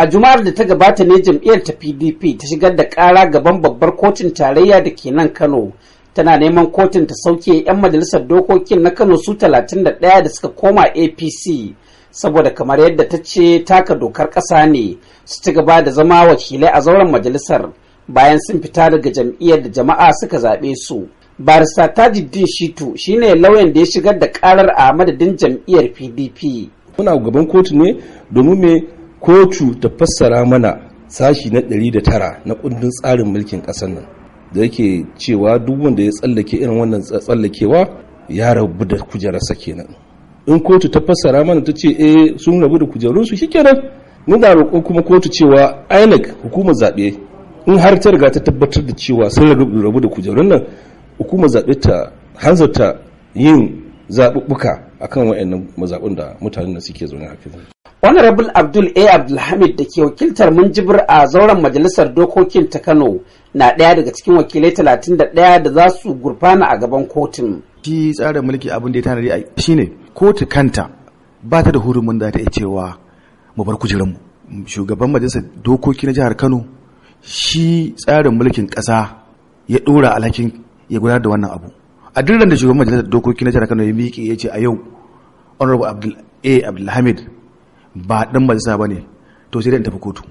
a juma'ar da ta gabata ne jam'iyyar ta pdp ta shigar da ƙara gaban babbar kotun tarayya da ke nan kano tana neman kotun ta sauke 'yan majalisar dokokin na kano su 31 da suka koma apc saboda kamar yadda ta ce taka dokar ƙasa ne su ci gaba da zama wakilai a zauren majalisar bayan sun fita daga jam'iyyar da jama'a suka zaɓe su barista tajiddin shitu shine lauyan da ya shigar da ƙarar a madadin jam'iyyar pdp muna gaban kotu ne domin me kotu ta fassara mana sashi na 109 na kundin tsarin mulkin ƙasar nan da yake cewa duk wanda ya tsallake irin wannan tsallakewa ya rabu da kujerarsa kenan in kotu ta fassara mana ta ce eh sun rabu da kujerunsu shikenan da roƙo kuma kotu cewa INEC hukumar zaɓe in har ta riga ta tabbatar da cewa sun rabu da kujerun nan hukumar zaɓe ta hanzarta yin zaɓuɓɓuka akan waɗannan mazaɓun da mutanen da suke zaune a honorable abdul a abdulhamid da ke wakiltar munjibir a zauren majalisar dokokin ta kano na ɗaya daga cikin wakilai talatin da da za su gurfana a gaban kotun shi tsarin mulki abin da ya tanadi a shine kotu kanta ba ta da hurumin da ta yi cewa mu bar kujerunmu shugaban majalisar dokoki na jihar kano shi tsarin mulkin ƙasa ya ɗora alhakin ya gudanar da wannan abu a duk da shugaban majalisar dokoki na jihar kano ya miƙe ya ce a yau honorable abdul a abdulhamid ba ɗan majalisa ba ne to sai dai tafi kotu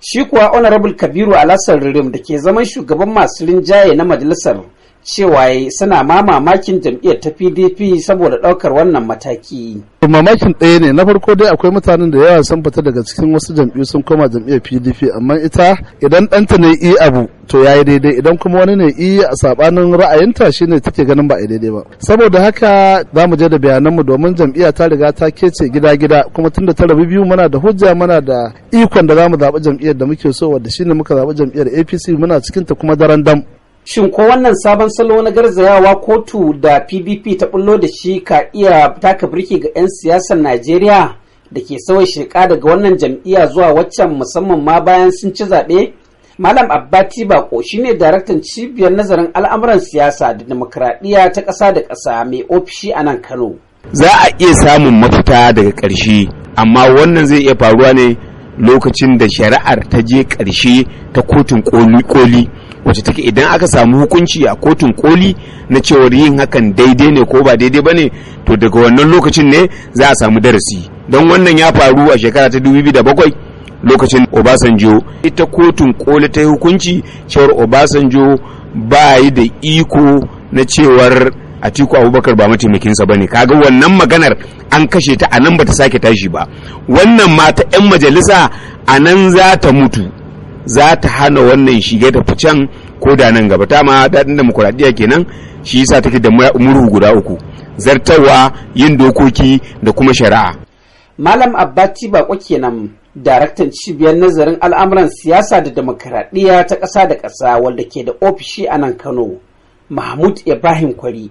shi kuwa honorable kabiru alassan ririm da ke zaman shugaban masu rinjaye na majalisar cewa suna ma mamakin jam'iyyar ta pdp saboda ɗaukar wannan mataki mamakin ɗaya ne na farko dai akwai mutanen da yawa sun fita daga cikin wasu jam'iyyu sun koma jam'iyyar pdp amma ita idan ɗanta ne i abu to yayi daidai idan kuma wani ne i a sabanin ra'ayinta shine take ganin ba a daidai ba saboda haka za mu je da bayananmu domin jam'iyya ta riga ta kece gida gida kuma tunda ta rabu biyu muna da hujja muna da ikon da za mu zaɓi jam'iyyar da muke so wadda shine muka zaɓi jam'iyyar apc muna cikin ta kuma daren dam Shin ko wannan sabon salo na garzayawa kotu da PDP ta bullo da shi ka iya taka birki ga 'yan siyasar Najeriya da ke sauya sheka daga wannan jam'iyya zuwa waccan musamman ma bayan sun ci zaɓe? Malam Abbati Bako shine daraktan cibiyar nazarin al'amuran siyasa da demokradiyya ta ƙasa da ƙasa mai ofishi a nan Kano. Za a iya samun mafita daga ƙarshe, amma wannan zai iya faruwa ne lokacin da shari'ar ta je ƙarshe ta kotun koli wacce take idan aka samu hukunci a kotun koli na cewar yin hakan daidai ne ko ba daidai ba ne to daga wannan lokacin ne za a samu darasi don wannan ya faru a shekara ta 2007 lokacin obasanjo ita kotun koli ta hukunci cewar obasanjo ba yi da iko na cewar Atiku Abubakar ba mataimakinsa bane kaga wannan maganar an kashe ta a nan bata sake tashi ba wannan mata ta 'yan majalisa a nan za ta mutu za ta hana wannan shige da ficen ko da nan gaba ta ma daɗin demokuraɗiyya kenan shi yasa take da murhu guda uku zartarwa yin dokoki da kuma shari'a malam abbati bako kenan daraktan cibiyar nazarin al'amuran siyasa da demokaradiyya ta ƙasa da ƙasa wanda ke da ofishi a nan kano mahmud ibrahim kwari